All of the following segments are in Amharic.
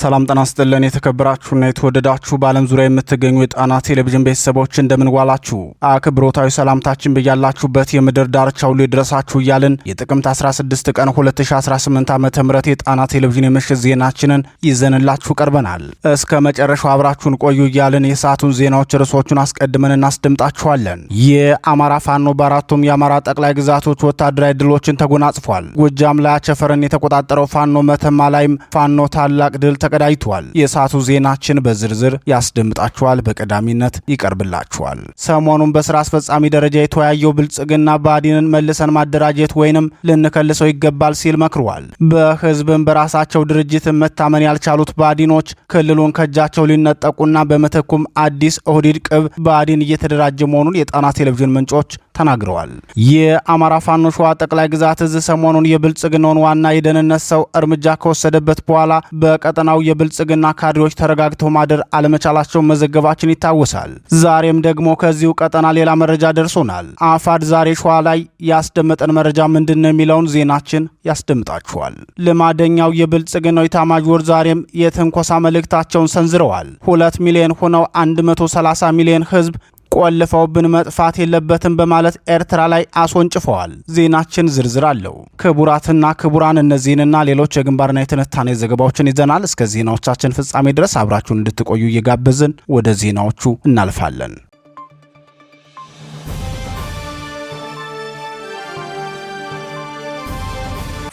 ሰላም ጠና ይስጥልን የተከበራችሁና የተወደዳችሁ በዓለም ዙሪያ የምትገኙ የጣና ቴሌቪዥን ቤተሰቦች ዋላችሁ። አክብሮታዊ ሰላምታችን በያላችሁበት የምድር ዳርቻ ሁሉ ይድረሳችሁ እያልን የጥቅምት 16 ቀን 2018 ዓ ም የጣና ቴሌቪዥን የምሽት ዜናችንን ይዘንላችሁ ቀርበናል። እስከ መጨረሻው አብራችሁን ቆዩ እያልን የሰዓቱን ዜናዎች ርዕሶቹን አስቀድመን እናስደምጣችኋለን። የአማራ ፋኖ በአራቱም የአማራ ጠቅላይ ግዛቶች ወታደራዊ ድሎችን ተጎናጽፏል። ጎጃም ላይ አቸፈርን የተቆጣጠረው ፋኖ መተማ ላይም ፋኖ ታላቅ ድል ተቀዳጅቷል። የሰዓቱ ዜናችን በዝርዝር ያስደምጣችኋል፣ በቀዳሚነት ይቀርብላችኋል። ሰሞኑን በስራ አስፈጻሚ ደረጃ የተወያየው ብልጽግና ብአዴንን መልሰን ማደራጀት ወይንም ልንከልሰው ይገባል ሲል መክሯል። በህዝብም በራሳቸው ድርጅትን መታመን ያልቻሉት ብአዴኖች ክልሉን ከእጃቸው ሊነጠቁና በመተኩም አዲስ ኦህዴድ ቅብ ብአዴን እየተደራጀ መሆኑን የጣና ቴሌቪዥን ምንጮች ተናግረዋል። የአማራ ፋኖ ሸዋ ጠቅላይ ግዛት እዝ ሰሞኑን የብልጽግናውን ዋና የደህንነት ሰው እርምጃ ከወሰደበት በኋላ በቀጠናው የብልጽግና ካድሬዎች ተረጋግተው ማደር አለመቻላቸው መዘገባችን ይታወሳል። ዛሬም ደግሞ ከዚሁ ቀጠና ሌላ መረጃ ደርሶናል። አፋድ ዛሬ ሸዋ ላይ ያስደመጠን መረጃ ምንድን ነው የሚለውን ዜናችን ያስደምጣችኋል። ልማደኛው የብልጽግናው ኢታማዦር ዛሬም የትንኮሳ መልእክታቸውን ሰንዝረዋል። ሁለት ሚሊዮን ሆነው 130 ሚሊዮን ህዝብ ቆልፈውብን መጥፋት የለበትም በማለት ኤርትራ ላይ አስወንጭፈዋል። ዜናችን ዝርዝር አለው። ክቡራትና ክቡራን እነዚህንና ሌሎች የግንባርና የትንታኔ ዘገባዎችን ይዘናል። እስከ ዜናዎቻችን ፍጻሜ ድረስ አብራችሁን እንድትቆዩ እየጋበዝን ወደ ዜናዎቹ እናልፋለን።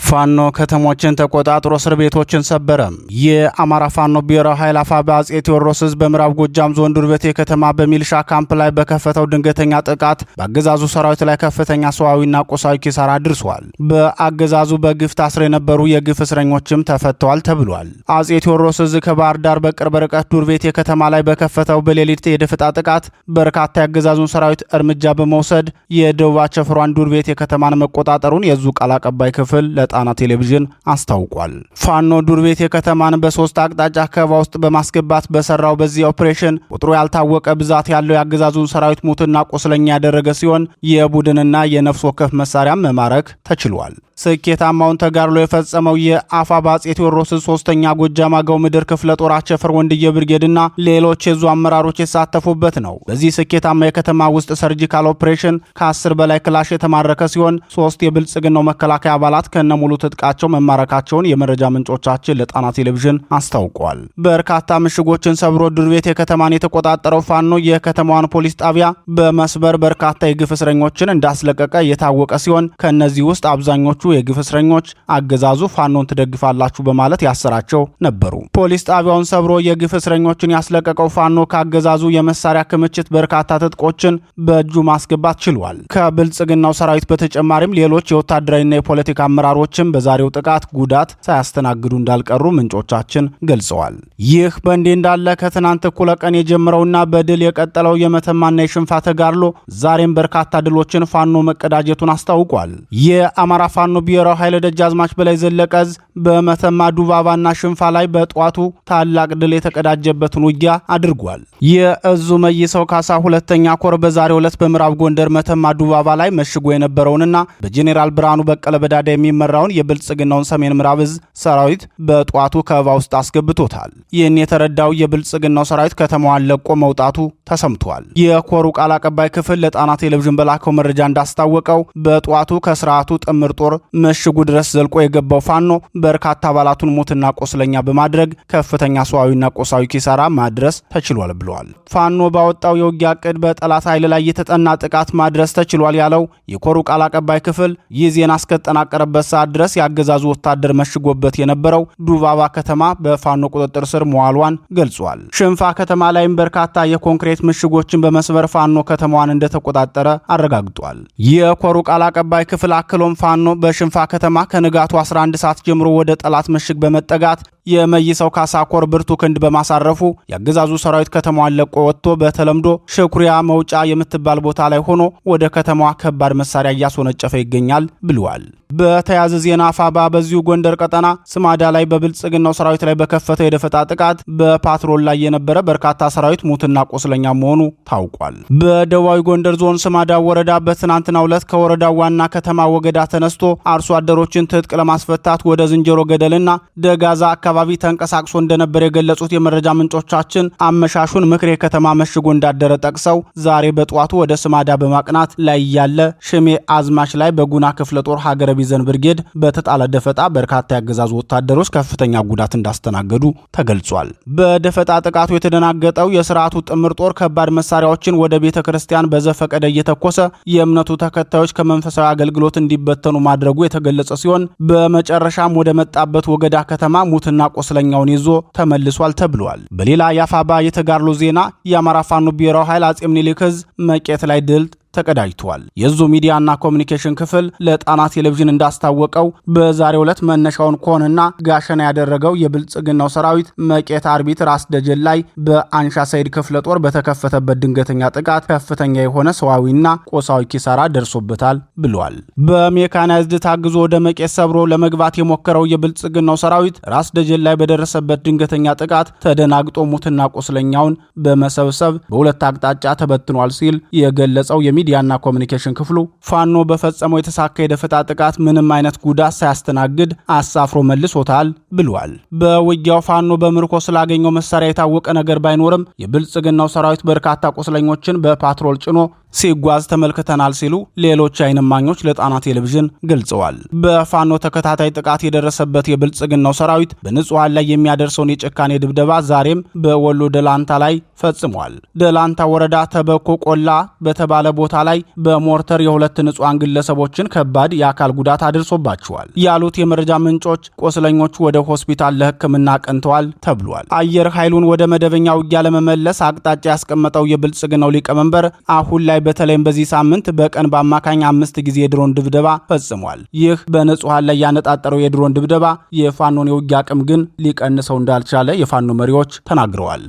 ፋኖ ከተሞችን ተቆጣጥሮ እስር ቤቶችን ሰበረ። የአማራ ፋኖ ብሔራዊ ኃይል አፋባ አጼ ቴዎድሮስ ህዝብ በምዕራብ ጎጃም ዞን ዱርቤቴ ከተማ በሚልሻ ካምፕ ላይ በከፈተው ድንገተኛ ጥቃት በአገዛዙ ሰራዊት ላይ ከፍተኛ ሰዋዊና ቁሳዊ ኪሳራ አድርሷል። በአገዛዙ በግፍ ታስረው የነበሩ የግፍ እስረኞችም ተፈተዋል ተብሏል። አጼ ቴዎድሮስ ህዝብ ከባህር ዳር በቅርብ ርቀት ዱርቤቴ ከተማ ላይ በከፈተው በሌሊት የደፈጣ ጥቃት በርካታ የአገዛዙን ሰራዊት እርምጃ በመውሰድ የደቡብ አቸፍሯን ዱር ከተማን መቆጣጠሩን የዙ ቃል አቀባይ ክፍል ለጣ ጣና ቴሌቪዥን አስታውቋል። ፋኖ ቤት ከተማን በሶስት አቅጣጫ ከበባ ውስጥ በማስገባት በሰራው በዚህ ኦፕሬሽን ቁጥሩ ያልታወቀ ብዛት ያለው የአገዛዙን ሰራዊት ሙትና ቁስለኛ ያደረገ ሲሆን የቡድንና የነፍስ ወከፍ መሳሪያም መማረክ ተችሏል። ስኬታማውን ተጋድሎ የፈጸመው የአፋባ አፄ ቴዎድሮስ ሶስተኛ ጎጃም አገው ምድር ክፍለ ጦር አቸፈር ወንድየ ብርጌድና ሌሎች የዙ አመራሮች የተሳተፉበት ነው። በዚህ ስኬታማ የከተማ ውስጥ ሰርጂካል ኦፕሬሽን ከአስር በላይ ክላሽ የተማረከ ሲሆን ሶስት የብልጽግናው መከላከያ አባላት ከነ ሙሉ ትጥቃቸው መማረካቸውን የመረጃ ምንጮቻችን ለጣና ቴሌቪዥን አስታውቋል። በርካታ ምሽጎችን ሰብሮ ድር ቤት የከተማን የተቆጣጠረው ፋኖ የከተማዋን ፖሊስ ጣቢያ በመስበር በርካታ የግፍ እስረኞችን እንዳስለቀቀ የታወቀ ሲሆን ከእነዚህ ውስጥ አብዛኞቹ የግፍ እስረኞች አገዛዙ ፋኖን ትደግፋላችሁ በማለት ያሰራቸው ነበሩ። ፖሊስ ጣቢያውን ሰብሮ የግፍ እስረኞችን ያስለቀቀው ፋኖ ካገዛዙ የመሳሪያ ክምችት በርካታ ትጥቆችን በእጁ ማስገባት ችሏል። ከብልጽግናው ሰራዊት በተጨማሪም ሌሎች የወታደራዊና የፖለቲካ አመራሮች ሰዎችም በዛሬው ጥቃት ጉዳት ሳያስተናግዱ እንዳልቀሩ ምንጮቻችን ገልጸዋል። ይህ በእንዲህ እንዳለ ከትናንት እኩለ ቀን የጀመረውና በድል የቀጠለው የመተማና የሽንፋ ተጋድሎ ዛሬም በርካታ ድሎችን ፋኖ መቀዳጀቱን አስታውቋል። የአማራ ፋኖ ብሔራዊ ኃይለ ደጃዝማች በላይ ዘለቀዝ በመተማ ዱባባና ሽንፋ ላይ በጠዋቱ ታላቅ ድል የተቀዳጀበትን ውጊያ አድርጓል። የእዙ መይሰው ካሳ ሁለተኛ ኮር በዛሬው ዕለት በምዕራብ ጎንደር መተማ ዱባባ ላይ መሽጎ የነበረውንና በጄኔራል ብርሃኑ በቀለ በዳዳ የሚመራውን የሆነውን የብልጽግናውን ሰሜን ምዕራብ እዝ ሰራዊት በጠዋቱ ከበባ ውስጥ አስገብቶታል። ይህን የተረዳው የብልጽግናው ሰራዊት ከተማዋን ለቆ መውጣቱ ተሰምቷል። የኮሩ ቃል አቀባይ ክፍል ለጣና ቴሌቪዥን በላከው መረጃ እንዳስታወቀው በጠዋቱ ከስርዓቱ ጥምር ጦር መሽጉ ድረስ ዘልቆ የገባው ፋኖ በርካታ አባላቱን ሞትና ቆስለኛ በማድረግ ከፍተኛ ሰዋዊና ቆሳዊ ኪሳራ ማድረስ ተችሏል ብለዋል። ፋኖ ባወጣው የውጊያ ቅድ በጠላት ኃይል ላይ የተጠና ጥቃት ማድረስ ተችሏል ያለው የኮሩ ቃል አቀባይ ክፍል ይህ ዜና እስከተጠናቀረበት ሰዓት ድረስ የአገዛዙ ወታደር መሽጎበት የነበረው ዱባባ ከተማ በፋኖ ቁጥጥር ስር መዋሏን ገልጿል። ሽንፋ ከተማ ላይም በርካታ የኮንክሪት ምሽጎችን በመስበር ፋኖ ከተማዋን እንደተቆጣጠረ አረጋግጧል። የኮሩ ቃል አቀባይ ክፍል አክሎም ፋኖ በሽንፋ ከተማ ከንጋቱ 11 ሰዓት ጀምሮ ወደ ጠላት ምሽግ በመጠጋት የመይሰው ኮር ብርቱ ክንድ በማሳረፉ የአገዛዙ ሰራዊት ከተማዋን ለቆ ወጥቶ በተለምዶ ሸኩሪያ መውጫ የምትባል ቦታ ላይ ሆኖ ወደ ከተማዋ ከባድ መሳሪያ እያስወነጨፈ ይገኛል ብለዋል። በተያዘ ዜና አፋባ በዚሁ ጎንደር ቀጠና ስማዳ ላይ በብልጽግናው ሰራዊት ላይ በከፈተው የደፈጣ ጥቃት በፓትሮል ላይ የነበረ በርካታ ሰራዊት ሙትና ቆስለኛ መሆኑ ታውቋል። በደቡባዊ ጎንደር ዞን ስማዳ ወረዳ በትናንትናው ዕለት ከወረዳ ዋና ከተማ ወገዳ ተነስቶ አርሶ አደሮችን ትጥቅ ለማስፈታት ወደ ዝንጀሮ ገደልና ደጋዛ አካባቢ አካባቢ ተንቀሳቅሶ እንደነበር የገለጹት የመረጃ ምንጮቻችን አመሻሹን ምክሬ ከተማ መሽጎ እንዳደረ ጠቅሰው ዛሬ በጠዋቱ ወደ ስማዳ በማቅናት ላይ ያለ ሽሜ አዝማች ላይ በጉና ክፍለ ጦር ሀገረ ቢዘን ብርጌድ በተጣለ ደፈጣ በርካታ ያገዛዙ ወታደሮች ከፍተኛ ጉዳት እንዳስተናገዱ ተገልጿል። በደፈጣ ጥቃቱ የተደናገጠው የስርዓቱ ጥምር ጦር ከባድ መሳሪያዎችን ወደ ቤተ ክርስቲያን በዘፈቀደ እየተኮሰ የእምነቱ ተከታዮች ከመንፈሳዊ አገልግሎት እንዲበተኑ ማድረጉ የተገለጸ ሲሆን በመጨረሻም ወደ መጣበት ወገዳ ከተማ ሙትና ቆስለኛውን ይዞ ተመልሷል ተብሏል። በሌላ የአፋባ የተጋድሎ ዜና የአማራ ፋኖ ብሔራዊ ኃይል አጼ ምኒልክ ዕዝ መቄት ላይ ድል ተቀዳጅቷል። የዙ ሚዲያና ኮሚኒኬሽን ክፍል ለጣና ቴሌቪዥን እንዳስታወቀው በዛሬው ዕለት መነሻውን ኮንና ጋሸና ያደረገው የብልጽግናው ሰራዊት መቄት አርቢት ራስ ደጀን ላይ በአንሻ ሰይድ ክፍለ ጦር በተከፈተበት ድንገተኛ ጥቃት ከፍተኛ የሆነ ሰዋዊና ቆሳዊ ኪሳራ ደርሶበታል ብሏል። በሜካናይዝድ ታግዞ ወደ መቄት ሰብሮ ለመግባት የሞከረው የብልጽግናው ሰራዊት ራስ ደጀን ላይ በደረሰበት ድንገተኛ ጥቃት ተደናግጦ ሙትና ቁስለኛውን በመሰብሰብ በሁለት አቅጣጫ ተበትኗል ሲል የገለጸው የሚ ሚዲያና ኮሚኒኬሽን ክፍሉ ፋኖ በፈጸመው የተሳካ የደፈጣ ጥቃት ምንም አይነት ጉዳት ሳያስተናግድ አሳፍሮ መልሶታል ብሏል። በውጊያው ፋኖ በምርኮ ስላገኘው መሳሪያ የታወቀ ነገር ባይኖርም የብልጽግናው ሰራዊት በርካታ ቁስለኞችን በፓትሮል ጭኖ ሲጓዝ ተመልክተናል ሲሉ ሌሎች አይንማኞች ለጣና ቴሌቪዥን ገልጸዋል። በፋኖ ተከታታይ ጥቃት የደረሰበት የብልጽግናው ሰራዊት በንጹሐን ላይ የሚያደርሰውን የጭካኔ ድብደባ ዛሬም በወሎ ደላንታ ላይ ፈጽሟል። ደላንታ ወረዳ ተበኮ ቆላ በተባለ ቦታ ላይ በሞርተር የሁለት ንጹሐን ግለሰቦችን ከባድ የአካል ጉዳት አድርሶባቸዋል ያሉት የመረጃ ምንጮች ቆስለኞቹ ወደ ሆስፒታል ለሕክምና ቀንተዋል ተብሏል። አየር ኃይሉን ወደ መደበኛ ውጊያ ለመመለስ አቅጣጫ ያስቀመጠው የብልጽግናው ሊቀመንበር አሁን ላይ በተለይም በዚህ ሳምንት በቀን በአማካኝ አምስት ጊዜ የድሮን ድብደባ ፈጽሟል። ይህ በንጹሐን ላይ ያነጣጠረው የድሮን ድብደባ የፋኖን የውጊያ አቅም ግን ሊቀንሰው እንዳልቻለ የፋኖ መሪዎች ተናግረዋል።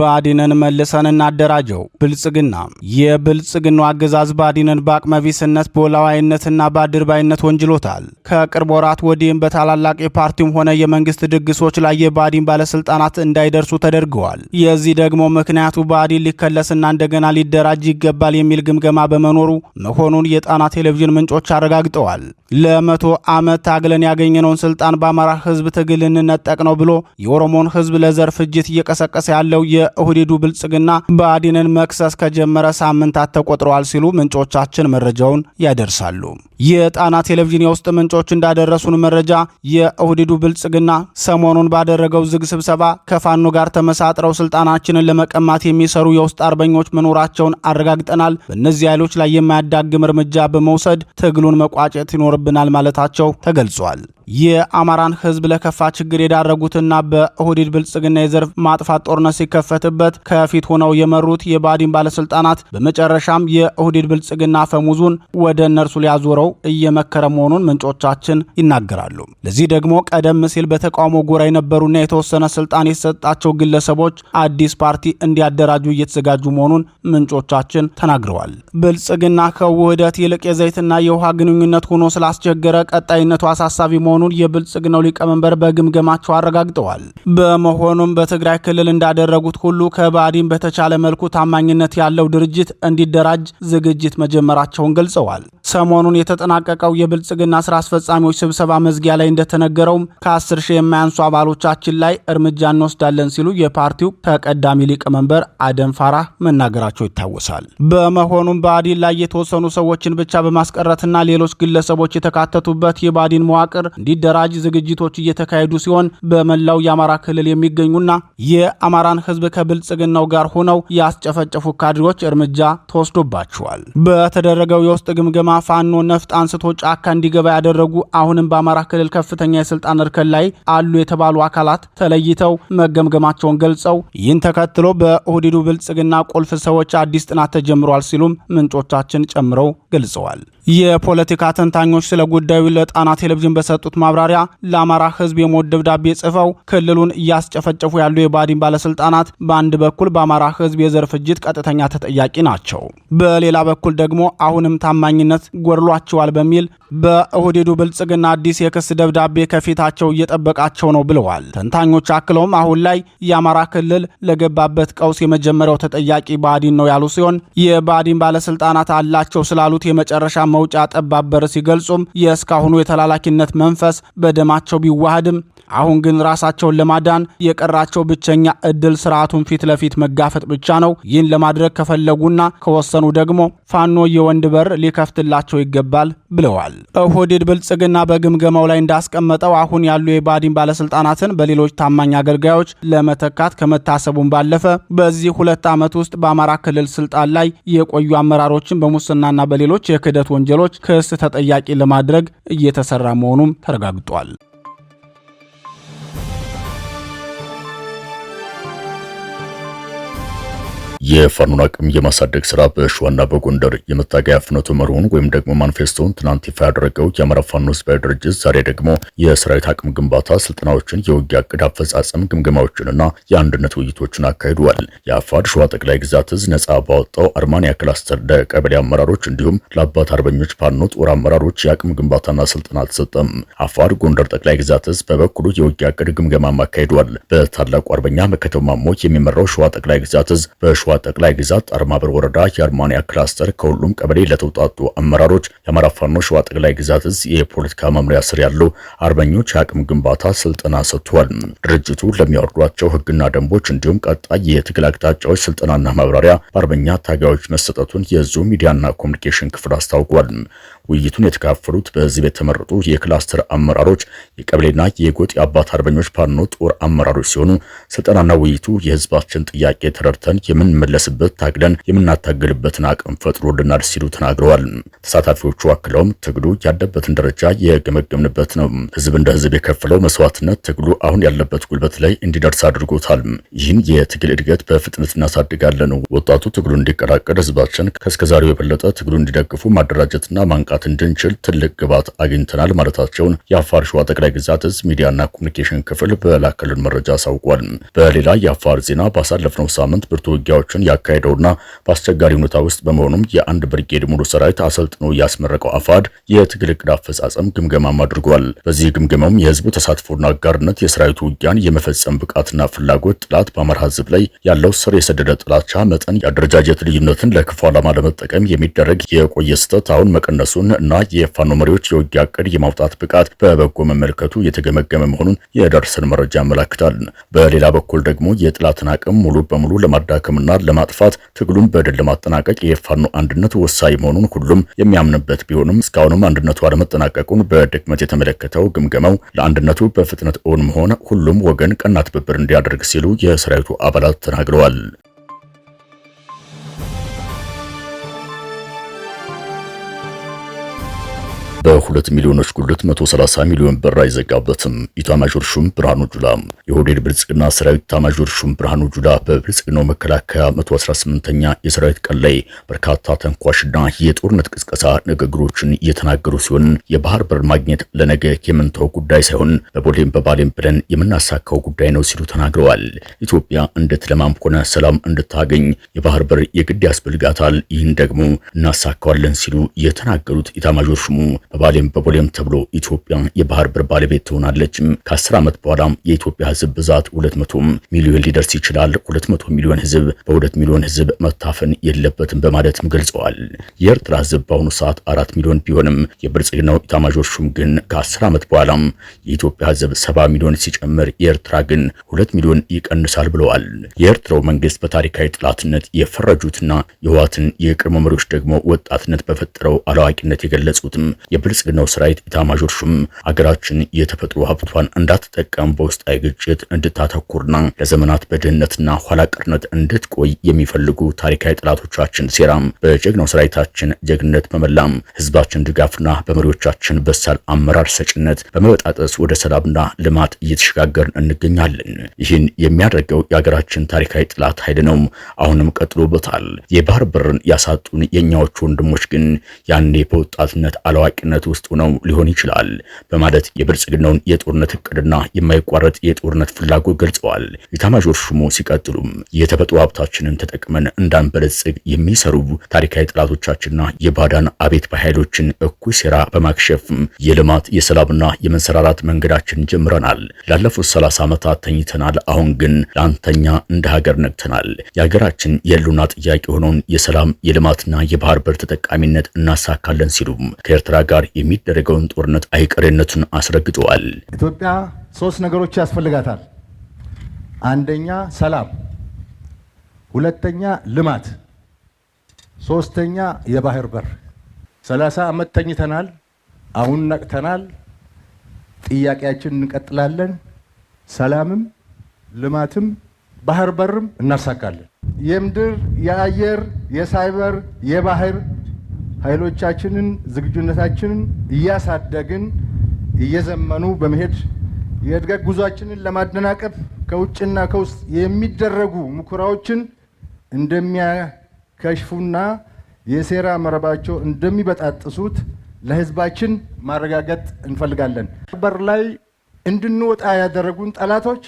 ባዲንን መልሰን እናደራጀው። ብልጽግና የብልጽግናው አገዛዝ ብአዴንን በአቅመቢስነት በወላዋይነትና በአድርባይነት ወንጅሎታል። ከቅርብ ወራት ወዲህም በታላላቅ የፓርቲውም ሆነ የመንግስት ድግሶች ላይ የባዲን ባለስልጣናት እንዳይደርሱ ተደርገዋል። የዚህ ደግሞ ምክንያቱ ባዲን ሊከለስና እንደገና ሊደራጅ ይገባል የሚል ግምገማ በመኖሩ መሆኑን የጣና ቴሌቪዥን ምንጮች አረጋግጠዋል። ለመቶ ዓመት ታግለን ያገኘነውን ስልጣን በአማራ ህዝብ ትግል እንነጠቅ ነው ብሎ የኦሮሞን ህዝብ ለዘር ፍጅት እየቀሰቀሰ ያለው የኦህዴዱ ብልጽግና ብአዴንን መክሰስ ከጀመረ ሳምንታት ተቆጥረዋል ሲሉ ምንጮቻችን መረጃውን ያደርሳሉ። የጣና ቴሌቪዥን የውስጥ ምንጮች እንዳደረሱን መረጃ የኦህዴዱ ብልጽግና ሰሞኑን ባደረገው ዝግ ስብሰባ ከፋኖ ጋር ተመሳጥረው ስልጣናችንን ለመቀማት የሚሰሩ የውስጥ አርበኞች መኖራቸውን አረጋግጠናል። በእነዚህ ኃይሎች ላይ የማያዳግም እርምጃ በመውሰድ ትግሉን መቋጨት ይኖርብናል ማለታቸው ተገልጿል። የአማራን ህዝብ ለከፋ ችግር የዳረጉትና በኦህዴድ ብልጽግና የዘርፍ ማጥፋት ጦርነት ሲከፈትበት ከፊት ሆነው የመሩት የባዲን ባለስልጣናት በመጨረሻም የኦህዴድ ብልጽግና ፈሙዙን ወደ እነርሱ ሊያዞረው እየመከረ መሆኑን ምንጮቻችን ይናገራሉ። ለዚህ ደግሞ ቀደም ሲል በተቃውሞ ጎራ የነበሩና የተወሰነ ስልጣን የተሰጣቸው ግለሰቦች አዲስ ፓርቲ እንዲያደራጁ እየተዘጋጁ መሆኑን ምንጮቻችን ተናግረዋል። ብልጽግና ከውህደት ይልቅ የዘይትና የውሃ ግንኙነት ሆኖ ስላስቸገረ ቀጣይነቱ አሳሳቢ መሆኑ መሆኑን የብልጽግናው ሊቀመንበር በግምገማቸው አረጋግጠዋል። በመሆኑም በትግራይ ክልል እንዳደረጉት ሁሉ ከባዲን በተቻለ መልኩ ታማኝነት ያለው ድርጅት እንዲደራጅ ዝግጅት መጀመራቸውን ገልጸዋል። ሰሞኑን የተጠናቀቀው የብልጽግና ስራ አስፈጻሚዎች ስብሰባ መዝጊያ ላይ እንደተነገረውም ከ ሺህ የማያንሱ አባሎቻችን ላይ እርምጃ እንወስዳለን ሲሉ የፓርቲው ተቀዳሚ ሊቀመንበር አደም ፋራህ መናገራቸው ይታወሳል። በመሆኑም ባዲን ላይ የተወሰኑ ሰዎችን ብቻ በማስቀረትና ሌሎች ግለሰቦች የተካተቱበት የባዲን መዋቅር እንዲደራጅ ዝግጅቶች እየተካሄዱ ሲሆን በመላው የአማራ ክልል የሚገኙና የአማራን ህዝብ ከብልጽግናው ጋር ሆነው ያስጨፈጨፉ ካድሬዎች እርምጃ ተወስዶባቸዋል። በተደረገው የውስጥ ግምገማ ፋኖ ነፍጥ አንስቶ ጫካ እንዲገባ ያደረጉ አሁንም በአማራ ክልል ከፍተኛ የስልጣን እርከን ላይ አሉ የተባሉ አካላት ተለይተው መገምገማቸውን ገልጸው ይህን ተከትሎ በኦህዴዱ ብልጽግና ቁልፍ ሰዎች አዲስ ጥናት ተጀምሯል ሲሉም ምንጮቻችን ጨምረው ገልጸዋል። የፖለቲካ ተንታኞች ስለ ጉዳዩ ለጣና ቴሌቪዥን በሰጡት በሰጡት ማብራሪያ ለአማራ ህዝብ የሞት ደብዳቤ ጽፈው ክልሉን እያስጨፈጨፉ ያሉ የባዲን ባለስልጣናት በአንድ በኩል በአማራ ህዝብ የዘር ፍጅት ቀጥተኛ ተጠያቂ ናቸው፣ በሌላ በኩል ደግሞ አሁንም ታማኝነት ጎድሏቸዋል በሚል በኦህዴዱ ብልጽግና አዲስ የክስ ደብዳቤ ከፊታቸው እየጠበቃቸው ነው ብለዋል። ተንታኞች አክለውም አሁን ላይ የአማራ ክልል ለገባበት ቀውስ የመጀመሪያው ተጠያቂ ባዲን ነው ያሉ ሲሆን የባዲን ባለስልጣናት አላቸው ስላሉት የመጨረሻ መውጫ ጠባበር ሲገልጹም የእስካሁኑ የተላላኪነት መንፈስ መንፈስ በደማቸው ቢዋሃድም አሁን ግን ራሳቸውን ለማዳን የቀራቸው ብቸኛ እድል ስርዓቱን ፊት ለፊት መጋፈጥ ብቻ ነው። ይህን ለማድረግ ከፈለጉና ከወሰኑ ደግሞ ፋኖ የወንድ በር ሊከፍትላቸው ይገባል ብለዋል። ኦህዴድ ብልጽግና በግምገማው ላይ እንዳስቀመጠው አሁን ያሉ የባዲን ባለስልጣናትን በሌሎች ታማኝ አገልጋዮች ለመተካት ከመታሰቡን ባለፈ በዚህ ሁለት ዓመት ውስጥ በአማራ ክልል ስልጣን ላይ የቆዩ አመራሮችን በሙስናና በሌሎች የክህደት ወንጀሎች ክስ ተጠያቂ ለማድረግ እየተሰራ መሆኑም ተረጋግጧል። የፋኖን አቅም የማሳደግ ስራ በሸዋና በጎንደር የመታገያ ፍነቱ መርሆን ወይም ደግሞ ማኒፌስቶን ትናንት ይፋ ያደረገው የአማራ ፋኖ ህዝባዊ ድርጅት ዛሬ ደግሞ የሰራዊት አቅም ግንባታ ስልጠናዎችን፣ የውጊያ እቅድ አፈጻጸም ግምገማዎችንና የአንድነት ውይይቶችን አካሂዷል። የአፋድ ሸዋ ጠቅላይ ግዛት እዝ ነጻ ባወጣው አርማንያ ክላስተር ለቀበሌ አመራሮች እንዲሁም ለአባት አርበኞች ፋኖ ጦር አመራሮች የአቅም ግንባታና ስልጠና አልተሰጠም። አፋድ ጎንደር ጠቅላይ ግዛት እዝ በበኩሉ የውጊያ እቅድ ግምገማም አካሂዷል። በታላቁ አርበኛ መከተው ማሞ የሚመራው ሸዋ ጠቅላይ ግዛት እዝ በሸዋ ሸዋ ጠቅላይ ግዛት አርማብር ወረዳ የአርማንያ ክላስተር ከሁሉም ቀበሌ ለተውጣጡ አመራሮች የአማራ ፋኖ ሸዋ ጠቅላይ ግዛት እዝ የፖለቲካ መምሪያ ስር ያሉ አርበኞች የአቅም ግንባታ ስልጠና ሰጥቷል። ድርጅቱ ለሚያወርዷቸው ሕግና ደንቦች እንዲሁም ቀጣይ የትግል አቅጣጫዎች ስልጠናና ማብራሪያ በአርበኛ ታጋዮች መሰጠቱን የዙ ሚዲያና ኮሚኒኬሽን ክፍል አስታውቋል። ውይይቱን የተካፈሉት በህዝብ የተመረጡ የክላስተር አመራሮች፣ የቀበሌና የጎጥ የአባት አርበኞች ፋኖ ጦር አመራሮች ሲሆኑ ስልጠናና ውይይቱ የህዝባችን ጥያቄ ተረድተን የምንመለስበት ታግለን የምናታገልበትን አቅም ፈጥሮልናል ሲሉ ተናግረዋል። ተሳታፊዎቹ አክለውም ትግሉ ያለበትን ደረጃ የገመገምንበት ነው። ህዝብ እንደ ህዝብ የከፈለው መስዋዕትነት ትግሉ አሁን ያለበት ጉልበት ላይ እንዲደርስ አድርጎታል። ይህን የትግል እድገት በፍጥነት እናሳድጋለን። ወጣቱ ትግሉን እንዲቀላቀል ህዝባችን ከእስከዛሬው የበለጠ ትግሉ እንዲደግፉ ማደራጀትና ማንቃ ማብቃት እንድንችል ትልቅ ግባት አግኝተናል ማለታቸውን የአፋር ሸዋ ጠቅላይ ግዛት እዝ ሚዲያና ኮሚኒኬሽን ክፍል በላከልን መረጃ አሳውቋል። በሌላ የአፋር ዜና ባሳለፍነው ሳምንት ብርቱ ውጊያዎችን ያካሄደውና በአስቸጋሪ ሁኔታ ውስጥ በመሆኑም የአንድ ብርጌድ ሙሉ ሰራዊት አሰልጥኖ ያስመረቀው አፋድ የትግል ዕቅድ አፈጻጸም ግምገማም አድርጓል። በዚህ ግምገማም የህዝቡ ተሳትፎና አጋርነት፣ የሰራዊቱ ውጊያን የመፈጸም ብቃትና ፍላጎት፣ ጥላት በአማራ ህዝብ ላይ ያለው ስር የሰደደ ጥላቻ መጠን፣ የአደረጃጀት ልዩነትን ለክፉ ዓላማ ለመጠቀም የሚደረግ የቆየ ስህተት አሁን መቀነሱን መሆኑን እና የፋኖ መሪዎች የውጊያ እቅድ የማውጣት ብቃት በበጎ መመልከቱ የተገመገመ መሆኑን የደርሰን መረጃ ያመላክታል። በሌላ በኩል ደግሞ የጥላትን አቅም ሙሉ በሙሉ ለማዳከምና ለማጥፋት ትግሉን በድል ለማጠናቀቅ የፋኖ አንድነት ወሳኝ መሆኑን ሁሉም የሚያምንበት ቢሆንም እስካሁንም አንድነቱ አለመጠናቀቁን በድክመት የተመለከተው ግምገማው ለአንድነቱ በፍጥነት እውን መሆን ሁሉም ወገን ቀና ትብብር እንዲያደርግ ሲሉ የሰራዊቱ አባላት ተናግረዋል። በሁለት ሚሊዮኖች ጉልት 130 ሚሊዮን ብር አይዘጋበትም። ኢታማዦር ሹም ብርሃኑ ጁላ የሆዴል ብልጽግና ሰራዊት ኢታማዦር ሹም ብርሃኑ ጁላ በብልጽግናው መከላከያ 118ኛ የሰራዊት ቀን ላይ በርካታ ተንኳሽና የጦርነት ቅስቀሳ ንግግሮችን እየተናገሩ ሲሆን የባህር በር ማግኘት ለነገ የምንተው ጉዳይ ሳይሆን በቦሌም በባሌም ብለን የምናሳካው ጉዳይ ነው ሲሉ ተናግረዋል። ኢትዮጵያ እንድትለማም ሆነ ሰላም እንድታገኝ የባህር በር የግድ ያስፈልጋታል። ይህን ደግሞ እናሳካዋለን ሲሉ የተናገሩት ኢታማዦር ሹሙ በባሌም በቦሌም ተብሎ ኢትዮጵያ የባህር በር ባለቤት ትሆናለች። ከአስር ዓመት በኋላም የኢትዮጵያ ህዝብ ብዛት 200 ሚሊዮን ሊደርስ ይችላል። 200 ሚሊዮን ህዝብ በሁለት ሚሊዮን ህዝብ መታፈን የለበትም በማለትም ገልጸዋል። የኤርትራ ህዝብ በአሁኑ ሰዓት አራት ሚሊዮን ቢሆንም የብልጽግናው ኢታማዦር ሹም ግን ከአስር ዓመት በኋላም የኢትዮጵያ ህዝብ ሰባ ሚሊዮን ሲጨምር የኤርትራ ግን ሁለት ሚሊዮን ይቀንሳል ብለዋል። የኤርትራው መንግስት በታሪካዊ ጥላትነት የፈረጁትና የዋትን የቅድሞ መሪዎች ደግሞ ወጣትነት በፈጠረው አላዋቂነት የገለጹትም የብልጽግናው ሰራዊት ኢታማዦር ሹም አገራችን የተፈጥሮ ሀብቷን እንዳትጠቀም በውስጣዊ ግጭት እንድታተኩርና ለዘመናት በድህነትና ኋላቀርነት እንድትቆይ የሚፈልጉ ታሪካዊ ጠላቶቻችን ሴራም በጀግናው ሰራዊታችን ጀግነት በመላም ህዝባችን ድጋፍና በመሪዎቻችን በሳል አመራር ሰጭነት በመበጣጠስ ወደ ሰላምና ልማት እየተሸጋገርን እንገኛለን። ይህን የሚያደርገው የሀገራችን ታሪካዊ ጠላት ኃይል ነው። አሁንም ቀጥሎበታል። የባህር በርን ያሳጡን የእኛዎቹ ወንድሞች ግን ያኔ በወጣትነት አላዋቂነት ጦርነት ውስጥ ሆነው ሊሆን ይችላል በማለት የብልጽግናውን የጦርነት እቅድና የማይቋረጥ የጦርነት ፍላጎት ገልጸዋል። የታማዦች ሹሙ ሲቀጥሉም የተፈጥሮ ሀብታችንን ተጠቅመን እንዳንበለጽግ የሚሰሩ ታሪካዊ ጠላቶቻችንና የባዳን አቤት በኃይሎችን እኩይ ሴራ በማክሸፍም የልማት የሰላምና የመንሰራራት መንገዳችን ጀምረናል። ላለፉት ሰላሳ ዓመታት ተኝተናል። አሁን ግን ለአንተኛ እንደ ሀገር ነግተናል። የሀገራችን የሉና ጥያቄ የሆነውን የሰላም የልማትና የባህር በር ተጠቃሚነት እናሳካለን ሲሉም ከኤርትራ ጋር ጋር የሚደረገውን ጦርነት አይቀሬነቱን አስረግጠዋል። ኢትዮጵያ ሶስት ነገሮች ያስፈልጋታል። አንደኛ ሰላም፣ ሁለተኛ ልማት፣ ሶስተኛ የባህር በር። ሰላሳ ዓመት ተኝተናል። አሁን ነቅተናል። ጥያቄያችን እንቀጥላለን። ሰላምም ልማትም ባህር በርም እናሳካለን። የምድር፣ የአየር፣ የሳይበር፣ የባህር ኃይሎቻችንን ዝግጁነታችንን እያሳደግን እየዘመኑ በመሄድ የእድገት ጉዟችንን ለማደናቀፍ ከውጭና ከውስጥ የሚደረጉ ሙከራዎችን እንደሚያከሽፉና የሴራ መረባቸው እንደሚበጣጥሱት ለሕዝባችን ማረጋገጥ እንፈልጋለን። በር ላይ እንድንወጣ ያደረጉን ጠላቶች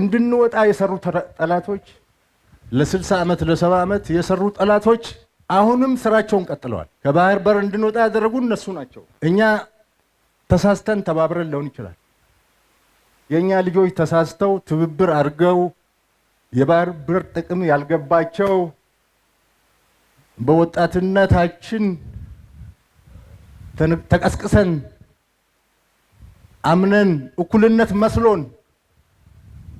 እንድንወጣ የሰሩ ጠላቶች ለ ለ60 ዓመት ለሰባ ዓመት የሰሩ ጠላቶች አሁንም ስራቸውን ቀጥለዋል። ከባህር በር እንድንወጣ ያደረጉ እነሱ ናቸው። እኛ ተሳስተን ተባብረን ሊሆን ይችላል። የእኛ ልጆች ተሳስተው ትብብር አድርገው የባህር በር ጥቅም ያልገባቸው በወጣትነታችን ተቀስቅሰን አምነን እኩልነት መስሎን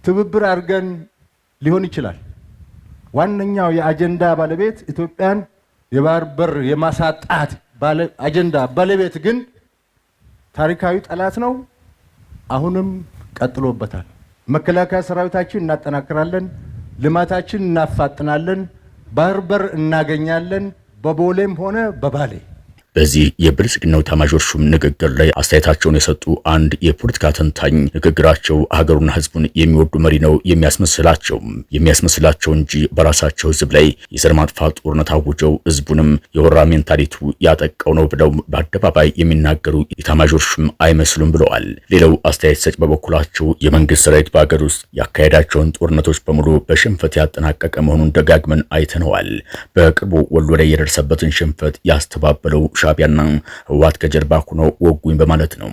ትብብር አድርገን ሊሆን ይችላል። ዋነኛው የአጀንዳ ባለቤት ኢትዮጵያን የባህር በር የማሳጣት አጀንዳ ባለቤት ግን ታሪካዊ ጠላት ነው። አሁንም ቀጥሎበታል። መከላከያ ሰራዊታችን እናጠናክራለን፣ ልማታችን እናፋጥናለን፣ ባህር በር እናገኛለን፣ በቦሌም ሆነ በባሌ በዚህ የብልጽግናው ኤታማዦር ሹም ንግግር ላይ አስተያየታቸውን የሰጡ አንድ የፖለቲካ ተንታኝ ንግግራቸው ሀገሩና ሕዝቡን የሚወዱ መሪ ነው የሚያስመስላቸው የሚያስመስላቸው እንጂ በራሳቸው ሕዝብ ላይ የዘር ማጥፋት ጦርነት አውጀው ሕዝቡንም የወራ ሜንታሊቱ ያጠቀው ነው ብለው በአደባባይ የሚናገሩ ኤታማዦር ሹም አይመስሉም ብለዋል። ሌላው አስተያየት ሰጭ በበኩላቸው የመንግስት ሰራዊት በሀገር ውስጥ ያካሄዳቸውን ጦርነቶች በሙሉ በሽንፈት ያጠናቀቀ መሆኑን ደጋግመን አይተነዋል። በቅርቡ ወሎ ላይ የደረሰበትን ሽንፈት ያስተባበለው ሻቢያና ህወሓት ከጀርባ ሆኖ ወጉኝ በማለት ነው።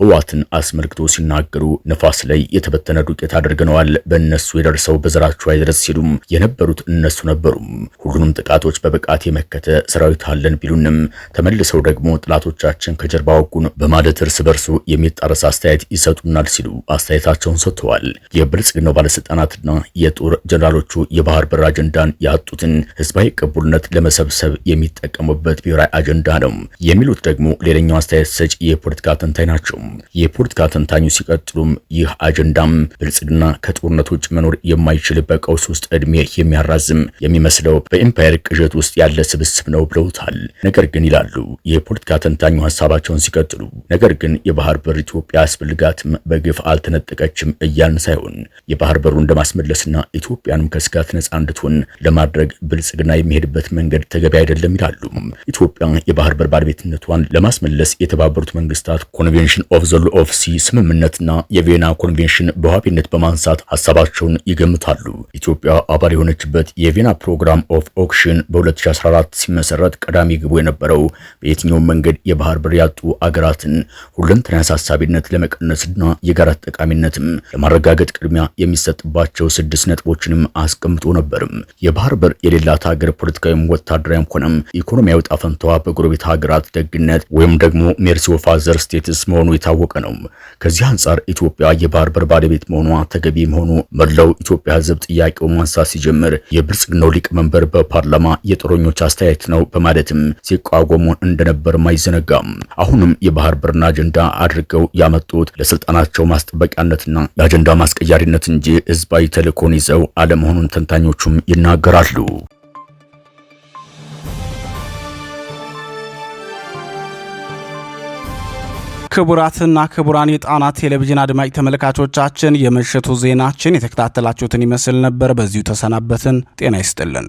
ህወሓትን አስመልክቶ ሲናገሩ ነፋስ ላይ የተበተነ ዱቄት አድርገነዋል፣ በእነሱ የደርሰው በዘራችሁ አይድረስ ሲሉም የነበሩት እነሱ ነበሩም። ሁሉንም ጥቃቶች በብቃት የመከተ ሰራዊት አለን ቢሉንም ተመልሰው ደግሞ ጥላቶቻችን ከጀርባ ወጉን በማለት እርስ በርሱ የሚጣረስ አስተያየት ይሰጡናል ሲሉ አስተያየታቸውን ሰጥተዋል። የብልጽግናው ባለስልጣናትና የጦር ጀነራሎቹ የባህር በር አጀንዳን ያጡትን ህዝባዊ ቅቡልነት ለመሰብሰብ የሚጠቀሙበት ብሔራዊ አጀንዳ ነው አይደለም የሚሉት ደግሞ ሌላኛው አስተያየት ሰጭ የፖለቲካ ተንታኝ ናቸው። የፖለቲካ ተንታኙ ሲቀጥሉም ይህ አጀንዳም ብልጽግና ከጦርነት ውጭ መኖር የማይችል በቀውስ ውስጥ እድሜ የሚያራዝም የሚመስለው በኢምፓየር ቅዠት ውስጥ ያለ ስብስብ ነው ብለውታል። ነገር ግን ይላሉ የፖለቲካ ተንታኙ ሀሳባቸውን ሲቀጥሉ፣ ነገር ግን የባህር በር ኢትዮጵያ አስፈልጋትም በግፍ አልተነጠቀችም እያልን ሳይሆን የባህር በሩን እንደማስመለስና ኢትዮጵያንም ከስጋት ነጻ እንድትሆን ለማድረግ ብልጽግና የሚሄድበት መንገድ ተገቢ አይደለም ይላሉ። ኢትዮጵያ የባህር የማይከበር ባለቤትነቷን ለማስመለስ የተባበሩት መንግስታት ኮንቬንሽን ኦፍ ዘ ሎ ኦፍ ሲ ስምምነትና የቬና ኮንቬንሽን በዋቢነት በማንሳት ሀሳባቸውን ይገምታሉ። ኢትዮጵያ አባል የሆነችበት የቬና ፕሮግራም ኦፍ ኦክሽን በ2014 ሲመሰረት ቀዳሚ ግቡ የነበረው በየትኛውም መንገድ የባህር በር ያጡ አገራትን ሁለንተናዊ አሳሳቢነት ለመቀነስና የጋራ ጠቃሚነትም ለማረጋገጥ ቅድሚያ የሚሰጥባቸው ስድስት ነጥቦችንም አስቀምጦ ነበርም። የባህር በር የሌላት ሀገር ፖለቲካዊም ወታደራዊም ሆነም ኢኮኖሚያዊ ጣፈንታዋ በጎረቤት ሀገራት ደግነት ወይም ደግሞ ሜርሲ ኦፍ አዘር ስቴትስ መሆኑ የታወቀ ነው። ከዚህ አንጻር ኢትዮጵያ የባህር በር ባለቤት መሆኗ ተገቢ መሆኑ መላው ኢትዮጵያ ሕዝብ ጥያቄው ማንሳት ሲጀምር የብልጽግናው ሊቀመንበር በፓርላማ የጦረኞች አስተያየት ነው በማለትም ሲቋቋሙ እንደነበር አይዘነጋም። አሁንም የባህር በርን አጀንዳ አድርገው ያመጡት ለስልጣናቸው ማስጠበቂያነትና የአጀንዳ ማስቀያሪነት እንጂ ህዝባዊ ተልእኮን ይዘው አለመሆኑን ተንታኞቹም ይናገራሉ። ክቡራትና ክቡራን የጣና ቴሌቪዥን አድማጭ ተመልካቾቻችን የምሽቱ ዜናችን የተከታተላችሁትን ይመስል ነበር። በዚሁ ተሰናበትን። ጤና ይስጥልን።